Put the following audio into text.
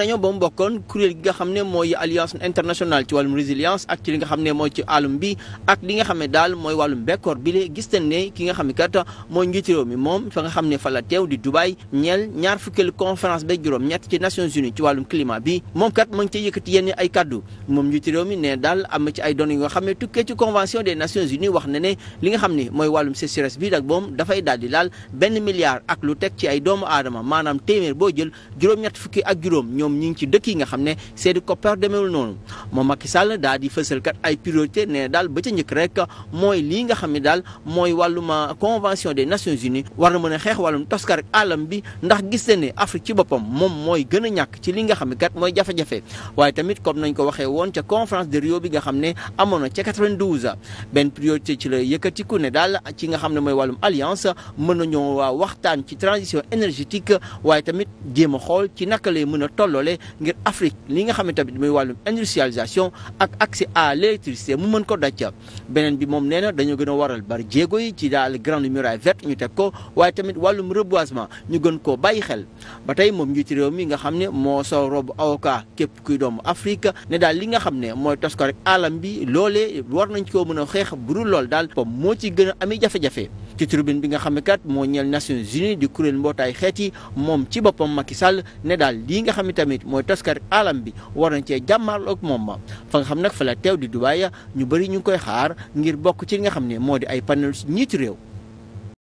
nañoo ba mu bokkoon kuréel gi nga xam ne mooy alliance internationale ci wàllum résilience ak ci li nga xam ne mooy ci bi ki nga xam ne kat mooy njiitu réew mi moom fa nga xam ne fa la teew di Dubaï ñeel ñaar fukkeelu conférence ba juróom-ñett ci Nations Unies ci wàllum climat bi moom kat ma ngi cay yëkkati yenn ay kaddu moom njiitu ne daal am ci ay données yoo tukkee ci convention des Nations Unies wax na ne li nga xam ne mooy wàllum sécheresse bi nag moom dafay daal di laal benn milliard ak lu teg ci ay doomu aadama maanaam téeméer boo jël juróom-ñett fukki ak juróom ñoom ñu ngi ci dëkk yi nga xam ne seeni koppar demeewul noonu moom Macky Sall daal di fësal kat ay priorité ne daal ba ca njëkk rek mooy lii nga xam ne daal mooy wàlluma euh, convention des nations unies war na mën a xeex wàllum toskar alam bi ndax gis na ne Afrique ci boppam moom mooy gën a ñàkk ci li nga xam ne kat mooy jafe-jafe waaye tamit comme nañ ko waxee woon ca conférence de Rio bi nga xam ne amoon na ca 92 benn priorité ci la yëkkatiku ne daal ci nga xam ne mooy wàllum alliance mën nañoo euh, waxtaan ci transition énergétique waaye tamit jéem a xool ci naka lay mën a tolloo loolee ngir Afrique li nga xam ne tamit muy wàllum industrialisation ak accès à l'électricité mu mën ko daj beneen bi moom nee na dañoo gën a waral bari jéego yi ci daal grande muraille verte ñu teg ko waaye tamit wàllum reboisement ñu gën koo bàyyi xel ba tey moom njiitu réew mi nga xam ne moo so robu avocat képp kuy doomu Afrique ne daal li nga xam ne mooy tas ko rek alam bi loolee war nañ koo mën a xeex bu dul lool daal moom moo ci gën a amee jafe-jafe ci tribune bi nga xam ne kat moo ñeel Nations Unies di kuréel mbootaay xeet yi moom ci boppam Macky Sall ne daal lii nga xam ne tamit mooy taskar alam bi war nañ cee jàmmaarloo ak moom ma fa nga xam nag fa la teew di Dubaay ñu bëri ñu ngi koy xaar ngir bokk ci li nga xam ne moo di ay panel njiitu réew